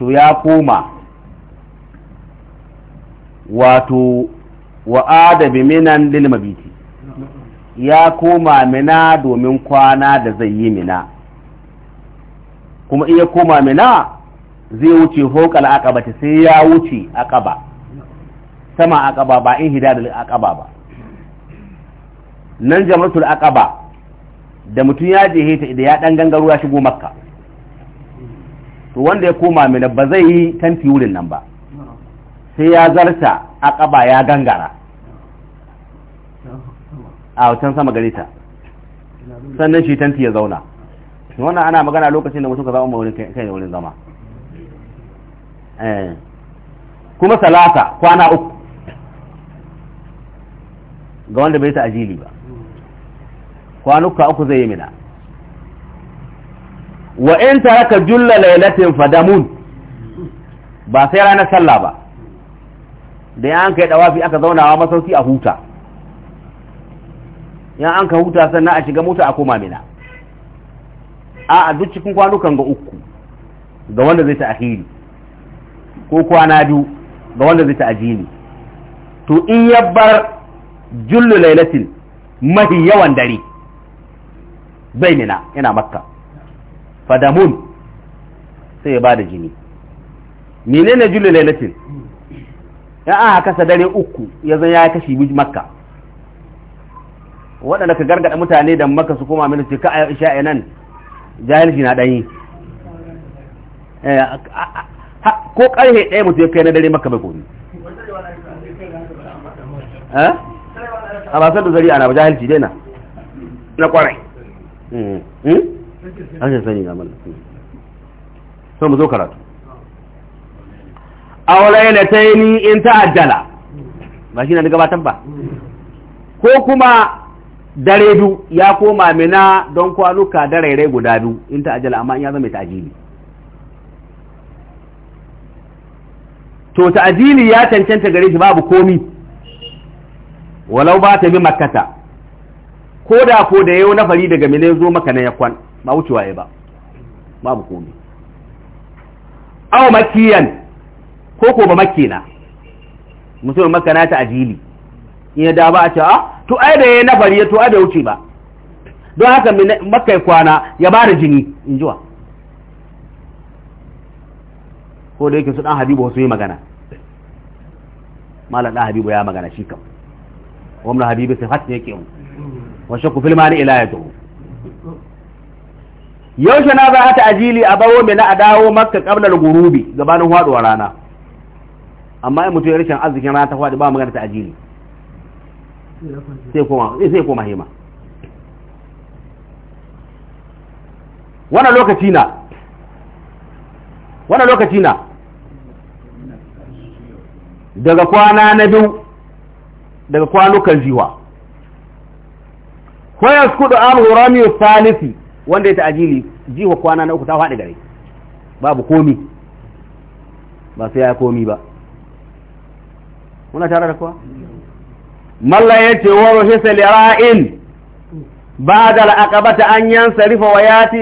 to ya koma wato wa'ada bi minan lil mabiti ya koma mina domin kwana da zai yi mina kuma iya koma mina zai wuce hokal akaba sai ya wuce akaba sama akaba ba in da akaba ba nan jama'atul akaba da mutum ya je ta idan ya dan gangaro ya shigo makka to wanda ya koma mina ba zai yi tanti wurin nan ba sai ya zarta a ƙaba ya gangara a can sama gari ta sannan shi tanti ya zauna wannan ana magana lokacin da mutum ka zama wurin kai da wurin zama eh. kuma salasa kwana uku ga wanda bai ta ajili ba kwanuka uku zai yi mina wa in taraka julla lailatin fadamun ba sai ranar sallah ba da an kai dawafi aka zauna zaunawa masauki a huta ya an ka huta sannan a shiga mota a koma mina a duk cikin kwanukan ga uku ga wanda zai ta ahiri ko kwana biyu ga wanda zai ta ajini to in ya bar jullu lailatin mahi yawan dare bai mina yana makka fadamun sai ya ba da jini menene jullu lailatin ya aka kasa dare uku ya zan ya kashi biji makka waɗanda ka gargaɗa mutane da makka su koma mini ce ka a isha'i nan jahilci na ɗanyi eh, ko ƙarfe ɗaya mutu ya kai na dare makka bai komi eh? a ba san da zari ana ba jahilci dai na na ƙwarai hmm, hmm? rashin sani na mallaka sai mu zo karatu aure da ta yi ni in ajala ba shi na da gabatan ba ko kuma dare du ya koma mina don kwanuka rai guda du in ajala amma in ya zama ta'ajili to ta'ajili ya cancanta gare shi babu komi walau ba ta bi makata ko da ko da yau nafari daga mina zo maka na ya kwan. ba wuce waye ba babu komai aw makiyan ko ko ba makina musulmin makana ta ajili in ya da ba a ce a ah, to ai da yayi nafari ya to ai da wuce ba don haka makai kwana ya ba da jini in jiwa ko da yake su dan habibu su yi magana malam dan habibu ya magana shi kam wannan habibu sai hatta yake mu wa shakku fil mani ila yadu yaushe na za ta ajili a bawo na a dawo makka qablar gurubi gabanin faduwar rana amma in mutum ya rashin arzikin rana ta haɗu ba magana ta ajili sai koma eh, hema wannan lokaci na wannan lokaci na daga kwana na biyu daga kwanukan jiwa su yaskudu an hurami salisi wanda ya ta'ajili jiwa kwana na uku ta faɗi gare babu komi ba sai ya komi ba muna tare da kuwa malla ya ce wa ba ruhisa lira'in بعد العقبة أن ينصرف وياتي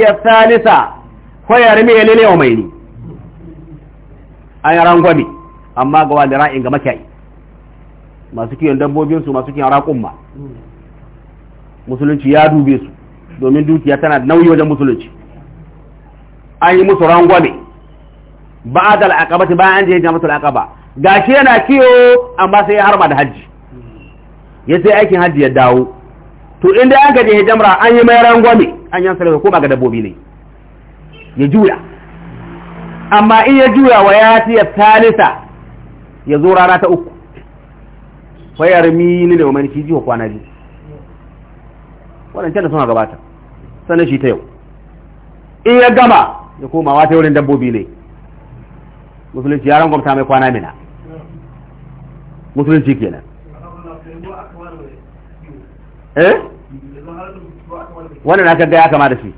lele wa mai ni. an yi rangwami amma ga wanda ra'in ga makiyayi masu kiyon dabbobinsu masu kiyon raƙumma musulunci ya dube su domin dukiya tana da nauyi wajen musulunci an yi musu rangwame ba'ad aka bata bayan an je jama'atul aqaba gashi yana kiyo amma sai ya harba da hajji ya sai aikin hajji ya dawo to inda an gaje jamra an yi mai rangwame an yi sarrafa ba ga dabbobi ne ya juya amma in ya juya wa ya ci ya talisa ya zo rana ta uku fayar mini da mamanci jiwa kwana biyu waɗancan da suna gabata sanin shi ta yau in ya gama ya koma wata wurin dabbobi ne musulunci ya gwamta mai kwana mina musulunci kenan eh wannan na gaya kama da shi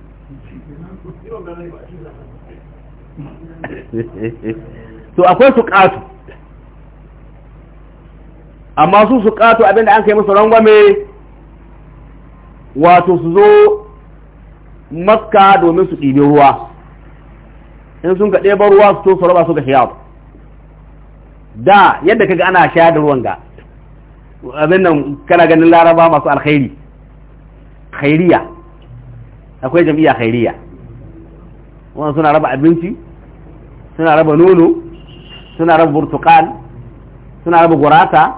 to akwai su ƙatu amma su su ƙatu abinda an kai musu rangwame wato su zo makka domin su ɗibi ruwa in sun ka ɗeba ruwa su to su raba su ga shiyar da yadda kaga ana shayar da ruwan ga abin nan kana ganin laraba masu alkhairi khairiya akwai jam'iyya khairiya wannan suna raba abinci suna raba nono suna raba burtukal suna raba gurata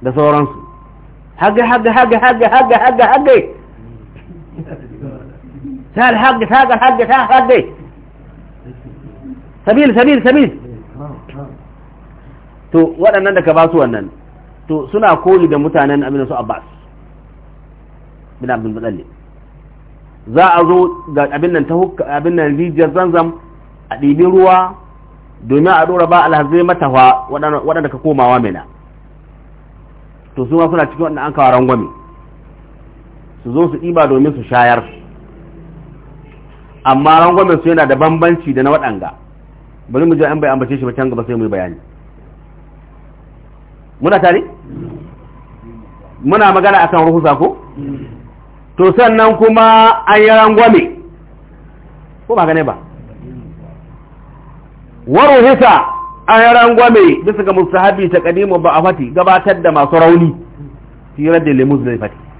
da sauransu haga haga haga haga haga haga haga سهل حق سهل حق سهل حق sabil sabil sabil to waɗannan da ka ba su wannan to suna koli da mutanen amina su abbas bin abin mutsalli za a zo ga abin nan ta abin nan rijiyar zanzam a ɗibin ruwa domin a ɗora ba alhazai matafa waɗanda ka komawa mina to su ma suna cikin waɗanda an kawo rangwame su zo su ɗiba domin su shayar amma rangwamen su yana da bambanci da na waɗanga bari mu ji an bai ambace shi ba can gaba sai mu yi bayani muna tare muna magana akan ruhusa ko to sannan kuma an yi rangwame ko ba gane ba wa ruhusa an yi rangwame bisa ga musahabi ta kadimu ba a fati gabatar da masu rauni firar da ya zai fati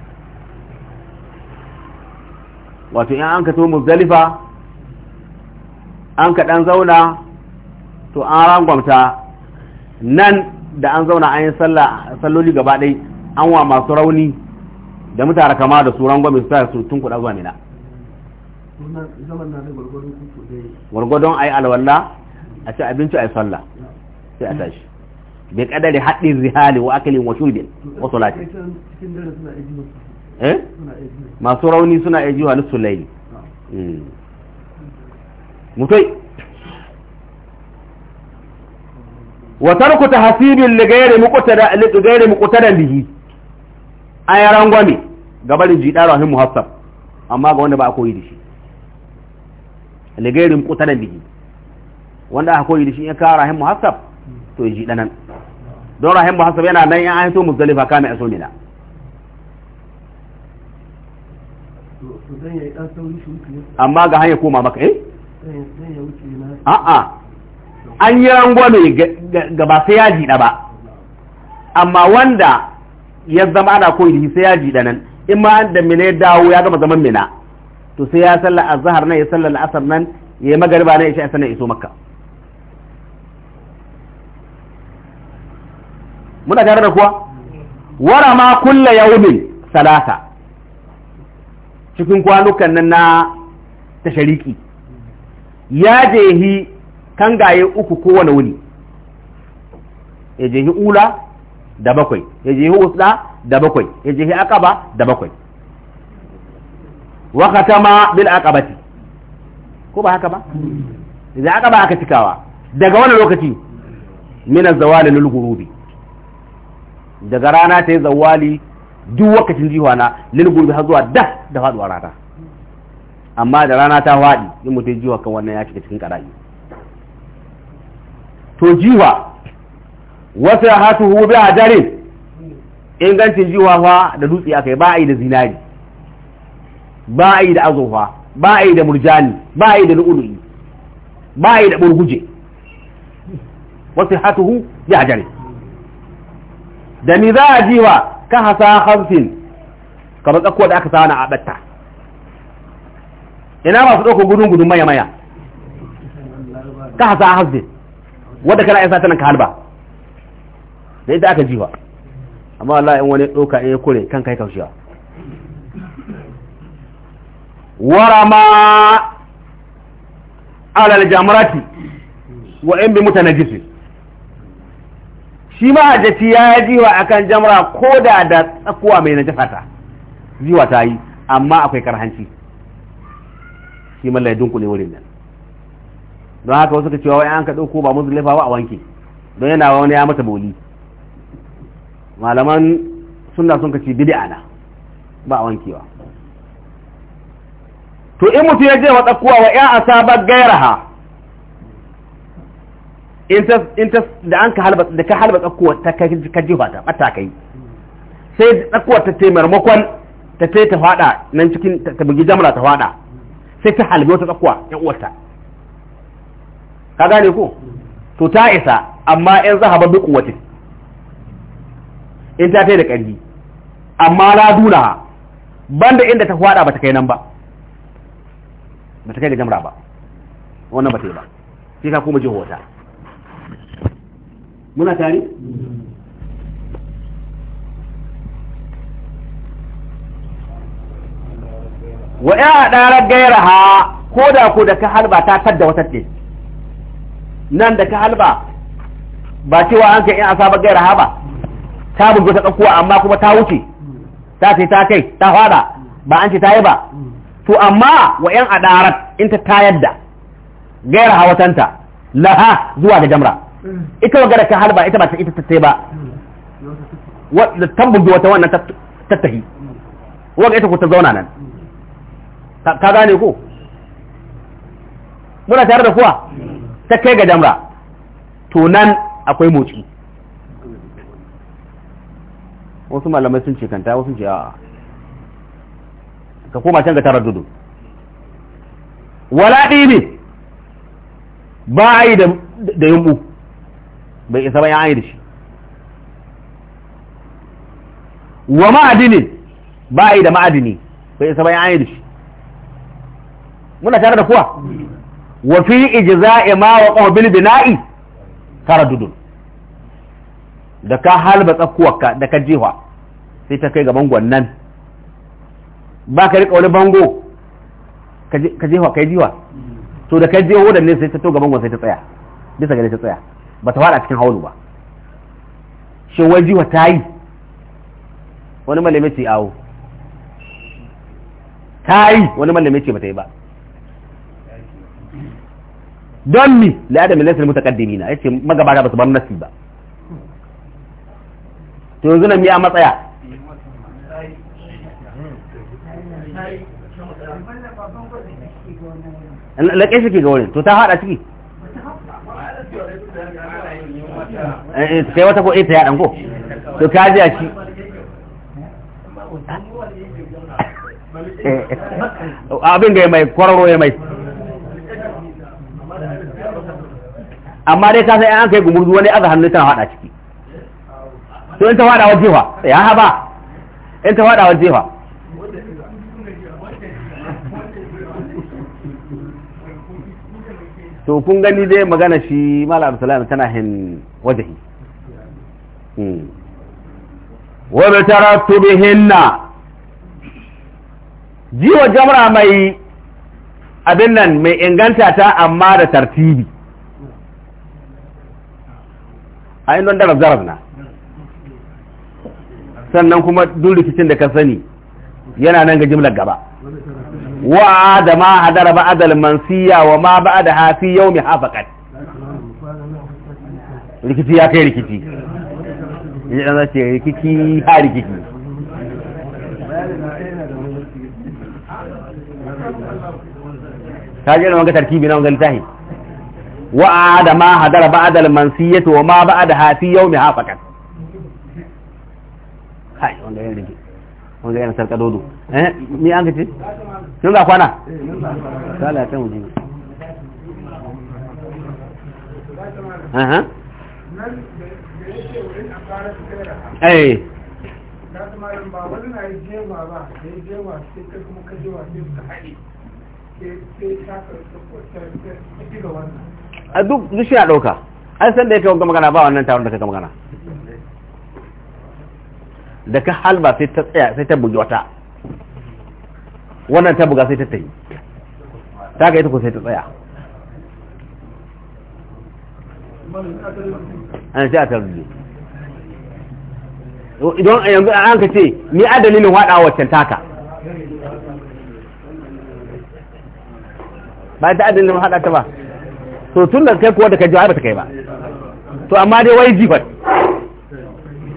wato in an ka to muzdalifa an ka dan zauna to an rangwamta nan da an zauna an yi salloli gaba ɗai an wa masu rauni da mutara kama da su rangwame su tare su tun kuɗa zuwa mina gwargwadon a yi alwallah a ci abinci a yi sallah sai a tashi bai kadari haɗin zihali wa akalin wa shudin wasu lati Eh? masu rauni suna iya jiwa na sulayi hmm. mutai wa tarku ta hasibin ghayri muqtada li ghayri muqtada bihi ayaran gwami gabarin jiɗa rahim muhassab amma ga wanda ba a koyi da shi li ghayri muqtada bihi wanda a koyi da shi ya kawo rahim muhassab to ji danan don rahim muhassab yana nan ya an so muzdalifa kame a so mina amma ga hanyar koma maka eh a'a an yi rangwa ga ba sai ya jiɗa ba amma wanda ya zama ana koyi sai ya jiɗa nan in ma da mina ya dawo ya gama zaman mina to sai ya salla azhar nan ya salla al'asar nan ya yi magariba nan ya sha sanan iso makka muna tare da kuwa wara ma kulla yaumin salata cikin kwanukan nan na tashariki ya jehi kangaye uku kowane wuni ya jehi ula da bakwai ya jehi usda da bakwai ya jehi akaba da bakwai wa ma bil akabati ko ba haka ba aka ba aka cikawa daga wani lokaci min az-zawali daga rana ta yi zawali duk wakacin na lilgun har zuwa da da faduwa rana amma da rana ta faɗi in mutum jiwa kan wannan ya shiga cikin ƙarayi to jiwa wasu ya hatu hu bi ajarin ingancin jiwa fa da dutse aka yi ba a yi da zinari ba a yi da azurfa ba a yi da murjani ba a yi da lu'ulu'i ba a yi da burguje wasu hatu hu bi ajarin da ni za a jiwa ka hasa hamsin kamar tsakuwa da aka sa na abatta ina masu ɗaukar gudun gudun maya maya ka hasa hamsin wadda kana yasa tanan ka halba da ita aka jiwa amma Allah in wani ɗauka in ya kure kan kai kaushewa warama alal jamrati wa in bi mutanajjisin shi mahajjaci ya yi jiwa akan jamra ko da da tsakuwa mai na jafata jiwa ta yi amma akwai karhanci shi mallaya dunkule wurin nan don haka wasu ka cewa wai an ka ɗauko ba muzulifa ba a wanke don yana wani ya mata boli malaman suna sun kaci bidi ana ba a wankewa to in mutum ya je wa tsakuwa wa ya asabar gairaha in ta da an ka halba da ka halba tsakuwar ta ka jifa ta bata kai sai tsakuwar ta taimar makon ta tai ta fada nan cikin ta bugi jamla ta fada sai ta halbe wata tsakuwa ya uwarta ka gane ko to ta isa amma in zahaba duk wata in ta tai da ƙarfi amma la duna banda inda ta fada bata kai nan ba bata kai da jamra ba wannan bata yi ba sai ka kuma ji wata muna tare wa ya ɗara gaira ha ko da ko da ka halba ta tadda wata ce nan da ka halba ba cewa an kai in asaba gaira ha ba ta bugu ta dauko amma kuma ta wuce ta sai ta kai ta fada ba an ce ta yi ba to amma wa yan adarat in ta tayar da gaira hawatanta laha zuwa ga jamra ita magana ka harba ita ba ta ita tattai ba wadda tambugi wata wannan tattahi waga ita ku ta zauna nan ka gane ko muna tare da kuwa ta kai ga jamra to nan akwai motsi wasu malamai sun ce kanta wasu ce a ka koma can ga tarar dudu wala ne ba a yi da yumbu bai isa ba ya ayi da shi wa ma'adinin ba yi da ma'adini bai isa ba ya ayi da shi muna tare da kuwa wa fi ijza'i ma wa qabil bina'i taraddudun da ka halba tsakkuwarka da ka jiwa sai ta kai ga bangon nan ba ka rika wani bango ka ka kai jiwa to da ka je ne sai ta to ga bangon sai ta tsaya bisa ga ta tsaya ba ta fada cikin haulu ba shi waji ta yi wani malami ce awo ta yi wani malami ce ba ta yi ba don mi la'adam lasir mutaqaddimi na yace magabata ba su ban nasi ba to yanzu nan ya matsaya laƙe shi ke ga wurin to ta hada ciki kai eh, wata ko ita eh, yaɗan ko to ka ji a shi eh, abin da ya mai kwararo ya mai amma dai ka sai an kai gumurzu wani aza hannu tana hada ciki to in ta hada wa jefa ya haba in ta hada wa jefa to kun gani dai magana shi malam salam tana hin wajahi wa bi tarattubihinna jiwa jamra mai abin nan mai inganta ta amma da tartibi a inda da darab na sannan kuma duk rikicin da ka sani yana nan ga jimlar gaba wa da ma hadara ba adal mansiya wa ma ba da hafi yau mai hafaƙat rikici ya kai rikici ya ɗan zace rikici ha rikici ta jira wanga tarkibi na wanga littafi wa ada ma hadara ba'da al-mansiyati to ma ba'da ha fi yawmi ha faqat kai wanga yin rigi wanga yin sarka dodo eh ni an kace kin ga kwana sala ta mujibi aha eh ba wani na yi a duk duk shi a ɗauka an san da ya kawo magana ba wannan taron da ka magana da ka halba sai ta tsaya sai ta bugi wata wannan ta buga sai ta tayi ta ga ita ko sai ta tsaya an sai a don a yanzu an ka ce ni a dalilin waɗa waccan taka ba ta adalin haɗa ta ba to tun da kai kuwa da ka ji ba ta kai ba to amma dai wai jifat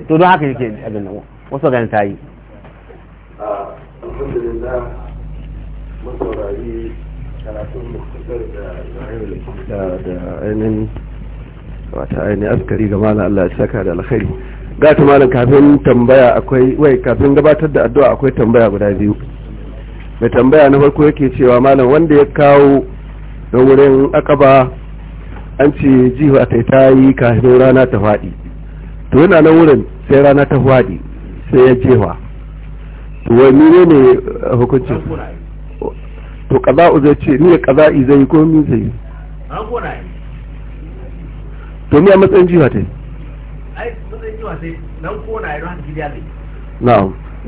to don haka yake adalin wasu ganin ta yi alhamdulillah karatun da ainihin wata aini askari ga malam Allah ya saka da alkhairi ga ta malam kafin tambaya akwai wai kafin gabatar da addu'a akwai tambaya guda biyu mai tambaya na farko yake cewa malam wanda ya kawo da wurin akaba an ce jiwa ta ta yi kafin rana ta fadi to yana nan wurin sai rana ta fadi sai ya jewa to wani ne hukuncin to kaza'u zai ce ni kazai zai ko min zai yi to me a matsayin jiwa ta yi na'am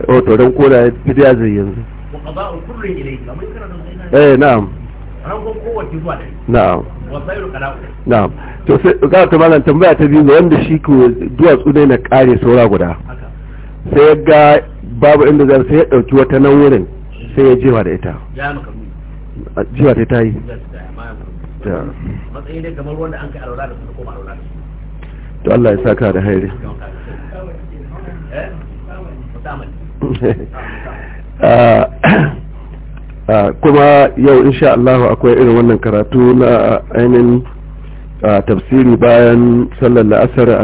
wato dan kona ya bidiya zai yanzu wa eh na'am na'am na'am to sai ga ta malam tambaya ta biyu wanda shi ko duwatsu ne na kare saura guda sai ya ga babu inda zai sai ya dauki wata nan wurin sai ya jiwa da ita jiwa ta yi matsayi ne da su to Allah ya saka da hairi eh? ah, ah, kuma yau insha Allah akwai irin wannan karatu na ah, ainihin tafsiri bayan sallar la'asar